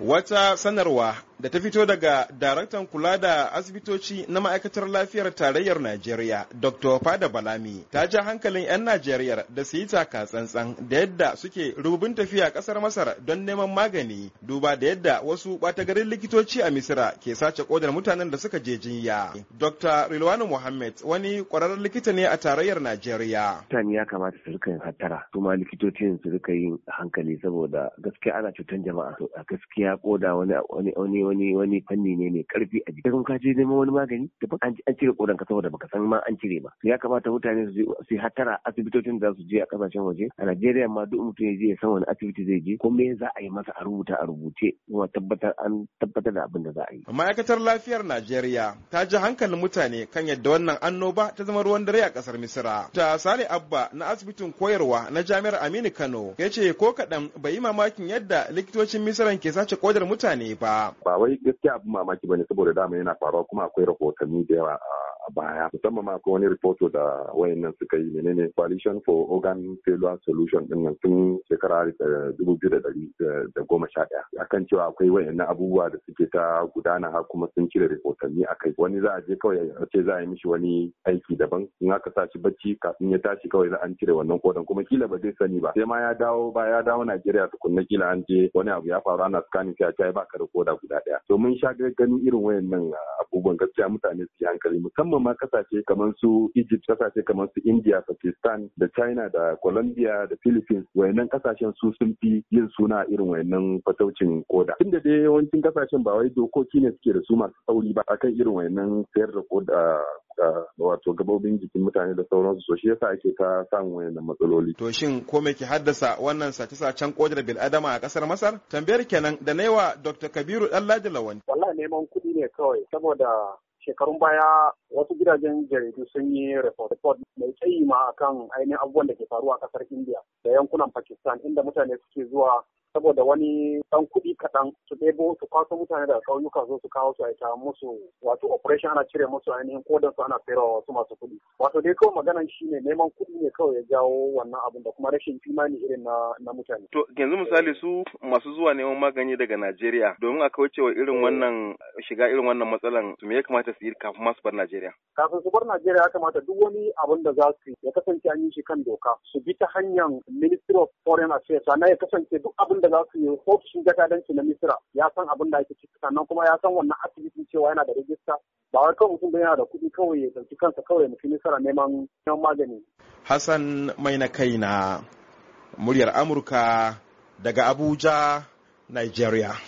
Wata sanarwa da ta fito daga daraktan kula da asibitoci na ma'aikatar lafiyar tarayyar Najeriya, Dr. Fada Balami, ta ja hankalin 'yan Najeriya da su yi taka tsantsan da yadda suke rububin tafiya kasar Masar don neman magani, duba da yadda wasu ɓatagarin likitoci a Misira ke sace kodar mutanen da suka je jinya. Dr. Rilwanu Mohammed wani ƙwararren likita ne a tarayyar Najeriya. Mutane ya kamata su rika yin hattara, kuma likitocin su rika yin hankali saboda gaskiya ana cutar jama'a. Gaskiya koda wani wani wani wani fanni ne mai karfi a jiki. Kun ka je neman wani magani daban an cire kodan ka saboda baka san ma an cire ba. Ya kamata mutane su su hatara asibitocin da su je a kasashen waje. A Najeriya ma duk mutum ya je ya san wani asibiti zai je ko me za a yi masa a rubuta a rubuce kuma tabbatar an tabbatar da abin da za a yi. Ma'aikatar lafiyar Najeriya ta ji hankalin mutane kan yadda wannan annoba ta zama ruwan dare a kasar Misira. Ta Sale Abba na asibitin koyarwa na Jami'ar Aminu Kano yace ko kaɗan bai yi mamakin yadda likitocin Misiran ke sace kodar mutane ba. Ba wai gaskiya abin mamaki bane saboda dama yana faruwa kuma akwai rahotanni da yawa a a baya musamman ma ko wani rahoto da nan suka yi menene coalition for organ failure solution din nan tun shekara eh, dubu biyu da dari eh, da goma sha daya akan cewa akwai wayannan abubuwa da suke ta gudana har kuma sun cire rahotanni a kai wani za a je kawai a ce za a yi mishi wani aiki daban in aka sa shi bacci kafin ya tashi kawai za an cire wannan kodan kuma kila ba zai sani ba sai ma ya dawo ba ya dawo Najeriya tukunna kila an je wani abu ya faru ana scanning sai a ce ba ka da koda guda ɗaya to mun sha ganin irin wayannan ah, abubuwan gaskiya mutane su yi hankali musamman musamman ma kasashe kamar su Egypt kasashe kamar su India Pakistan da China da Colombia da Philippines wayannan kasashen su sun fi yin suna irin wayannan fataucin koda tunda dai yawancin kasashen ba wai dokoki ne suke da su masu tsauri ba akan irin wayannan sayar da koda wato gabobin jikin mutane da sauransu so shi yasa ake ta samun wayannan matsaloli. To shin ko me ke haddasa wannan sace-sacen kodar bil'adama a kasar Masar? Tambayar kenan da naiwa Dr. Kabiru Danladi Lawan. Wallahi neman kuɗi ne kawai saboda shekarun baya wasu gidajen jaridu sun yi report mai tsayi ma a kan ainihin abubuwan da ke faruwa a kasar India da yankunan Pakistan inda mutane suke zuwa saboda wani ɗan kuɗi kaɗan su ɗebo su kwaso mutane daga ƙauyuka zo su kawo su aita musu wato operation ana cire musu ainihin kodan su ana sayarwa wasu masu kuɗi wato dai kawai maganan shi ne neman kuɗi ne kawai ya jawo wannan abin da kuma rashin imani irin na, na mutane. To yanzu misali su masu zuwa neman magani daga Najeriya domin a kawai cewa irin wannan shiga irin wannan matsalan su me ya kamata su yi kafin masu su bar Najeriya? Kafin su bar Najeriya ya kamata duk wani abin da za su ya kasance an yi shi kan doka su bi ta hanyar Ministry of Foreign Affairs sannan ya kasance duk abin da da za su yi ofishin jakadanci na Misira ya san abin da ake ciki sannan kuma ya san wannan asibitin cewa yana da rijista ba wai kawai mutum yana da kuɗi kawai ya ɗauki kansa kawai ya mutum Misira neman neman magani. Hassan mai na kai na muryar Amurka daga Abuja, Nigeria.